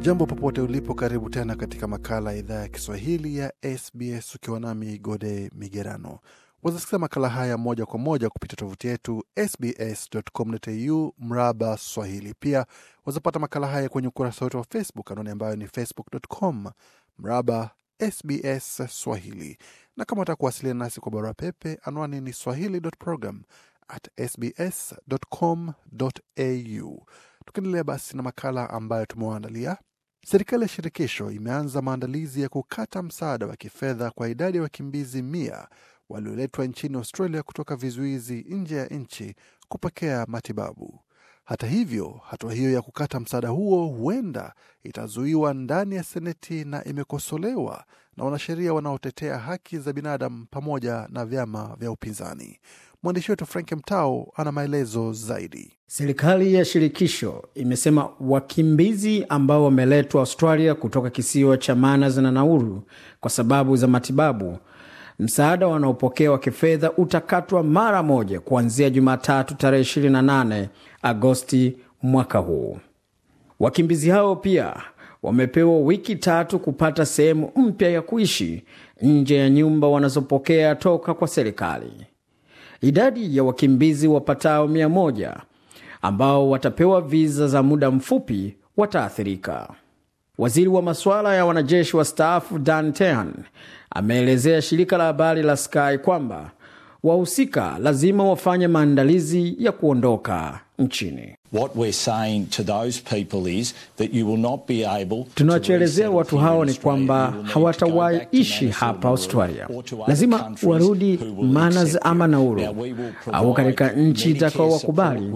Jambo popote ulipo, karibu tena katika makala ya idhaa ya Kiswahili ya SBS ukiwa nami Gode Migerano. Wazasikiza makala haya moja kwa moja kupitia tovuti yetu sbs.com.au mraba swahili. Pia wazapata makala haya kwenye ukurasa wetu wa Facebook, anwani ambayo ni facebook.com mraba SBS Swahili, na kama wataka kuwasiliana nasi kwa barua pepe, anwani ni swahili.program at Tukiendelea basi na makala ambayo tumewaandalia Serikali ya shirikisho imeanza maandalizi ya kukata msaada wa kifedha kwa idadi ya wa wakimbizi mia walioletwa nchini Australia kutoka vizuizi nje ya nchi kupokea matibabu. Hata hivyo, hatua hiyo ya kukata msaada huo huenda itazuiwa ndani ya Seneti na imekosolewa na wanasheria wanaotetea haki za binadamu pamoja na vyama vya upinzani. Mwandishi wetu Frank Mtao ana maelezo zaidi. Serikali ya shirikisho imesema wakimbizi ambao wameletwa Australia kutoka kisiwa cha Manus na Nauru kwa sababu za matibabu, msaada wanaopokea wa kifedha utakatwa mara moja kuanzia Jumatatu tarehe 28 Agosti mwaka huu. Wakimbizi hao pia wamepewa wiki tatu kupata sehemu mpya ya kuishi nje ya nyumba wanazopokea toka kwa serikali idadi ya wakimbizi wapatao 1 ambao watapewa viza za muda mfupi wataathirika. Waziri wa masuala ya wanajeshi wa staafu Dan Tehan ameelezea shirika la habari la Sky kwamba wahusika lazima wafanye maandalizi ya kuondoka nchini. watu hao ni kwamba hawatawaishi ishi hapa Australia, lazima warudi Manus ama Nauru au katika nchi itakaowakubali.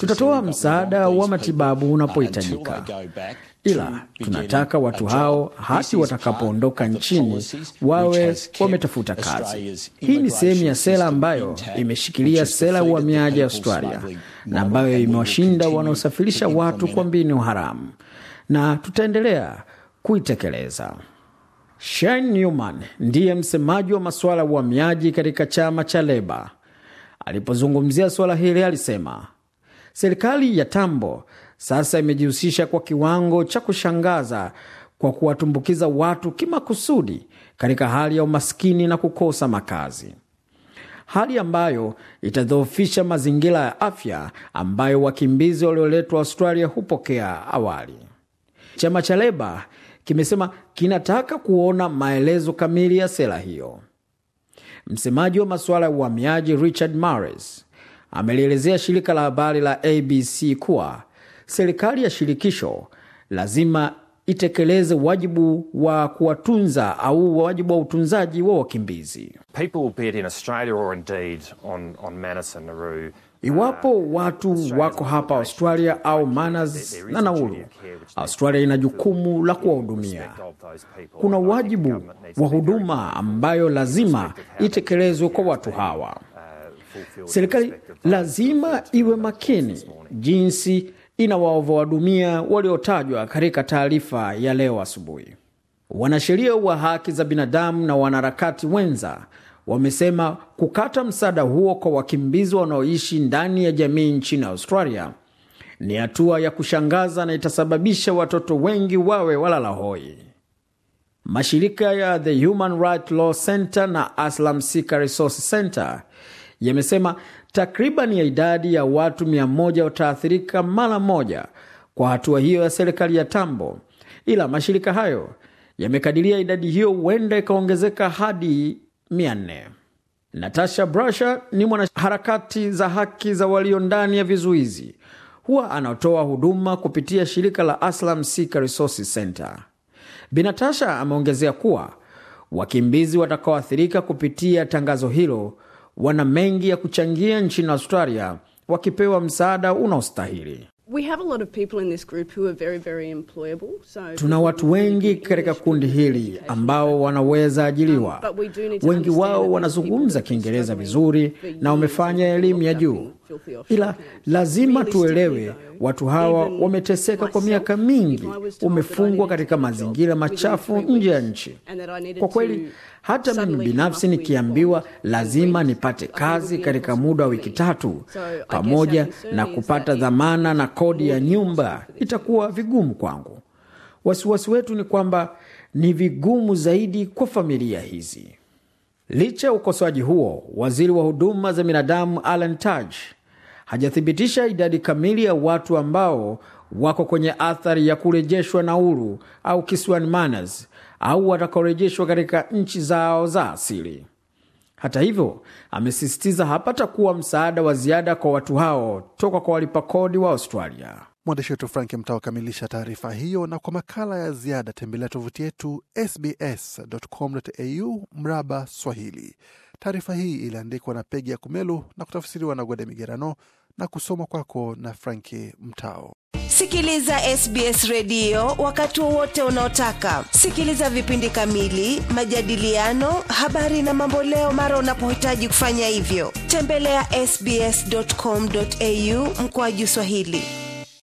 Tutatoa msaada wa matibabu unapohitajika, ila tunataka watu hao hadi watakapoondoka nchini wawe wametafuta kazi. Hii ni sehemu ya sera ambayo imeshikilia sera ya uhamiaji Australia na ambayo imewashinda wanaosafirisha watu kwa mbinu haramu, na tutaendelea kuitekeleza. shin Newman ndiye msemaji wa masuala ya uhamiaji katika chama cha Leba. Alipozungumzia suala hili, alisema serikali ya Tambo sasa imejihusisha kwa kiwango cha kushangaza kwa kuwatumbukiza watu kimakusudi katika hali ya umaskini na kukosa makazi hali ambayo itadhoofisha mazingira ya afya ambayo wakimbizi walioletwa Australia hupokea awali. Chama cha Leba kimesema kinataka kuona maelezo kamili ya sera hiyo. Msemaji wa masuala ya uhamiaji Richard Mares amelielezea shirika la habari la ABC kuwa serikali ya shirikisho lazima itekeleze wajibu wa kuwatunza au wajibu wa utunzaji wa wakimbizi. Uh, Iwapo watu wako hapa Australia au Manus na Nauru, Australia ina jukumu la kuwahudumia. Kuna wajibu wa huduma ambayo lazima itekelezwe kwa watu hawa. Uh, Serikali lazima iwe makini jinsi inawaovoadumia waliotajwa katika taarifa ya leo asubuhi. Wanasheria wa haki za binadamu na wanaharakati wenza wamesema kukata msaada huo kwa wakimbizi wanaoishi ndani ya jamii nchini Australia ni hatua ya kushangaza na itasababisha watoto wengi wawe walala hoi. Mashirika ya The Human Rights Law Center na Aslam Seeker Resource Center yamesema takriban ya idadi ya watu 1 wataathirika mara moja kwa hatua hiyo ya serikali ya Tambo, ila mashirika hayo yamekadiria idadi hiyo huenda ikaongezeka hadi 4 Natasha Brasha ni mwanaharakati za haki za walio ndani ya vizuizi, huwa anatoa huduma kupitia shirika la Aslam Seeker Resource Center. Binatasha ameongezea kuwa wakimbizi watakaoathirika kupitia tangazo hilo wana mengi ya kuchangia nchini Australia wakipewa msaada unaostahili. tuna watu wengi katika kundi hili ambao wanaweza ajiliwa. wengi wao wanazungumza Kiingereza vizuri na wamefanya elimu ya juu Ila lazima tuelewe, watu hawa wameteseka kwa miaka mingi, umefungwa katika mazingira machafu nje ya nchi. Kwa kweli, hata mimi binafsi nikiambiwa lazima nipate kazi katika muda wa wiki tatu, pamoja na kupata dhamana na kodi ya nyumba, itakuwa vigumu kwangu. Wasiwasi wetu ni kwamba ni vigumu zaidi kwa familia hizi. Licha ya ukosoaji huo, waziri wa huduma za binadamu Alan Tudge hajathibitisha idadi kamili ya watu ambao wako kwenye athari ya kurejeshwa Nauru au kisiwani Manus au watakaorejeshwa katika nchi zao za asili. Hata hivyo, amesisitiza hapatakuwa msaada wa ziada kwa watu hao toka kwa walipa kodi wa Australia. Mwandishi wetu Frank Mtao akamilisha taarifa hiyo, na kwa makala ya ziada tembelea tovuti yetu sbs.com.au mraba Swahili. Taarifa hii iliandikwa na Pegi ya Kumelu na kutafsiriwa na Gode Migerano na kusoma kwako na Franki Mtao. Sikiliza SBS redio wakati wowote unaotaka. Sikiliza vipindi kamili, majadiliano, habari na mamboleo mara unapohitaji kufanya hivyo. Tembelea ya sbs.com.au mkoaju Swahili.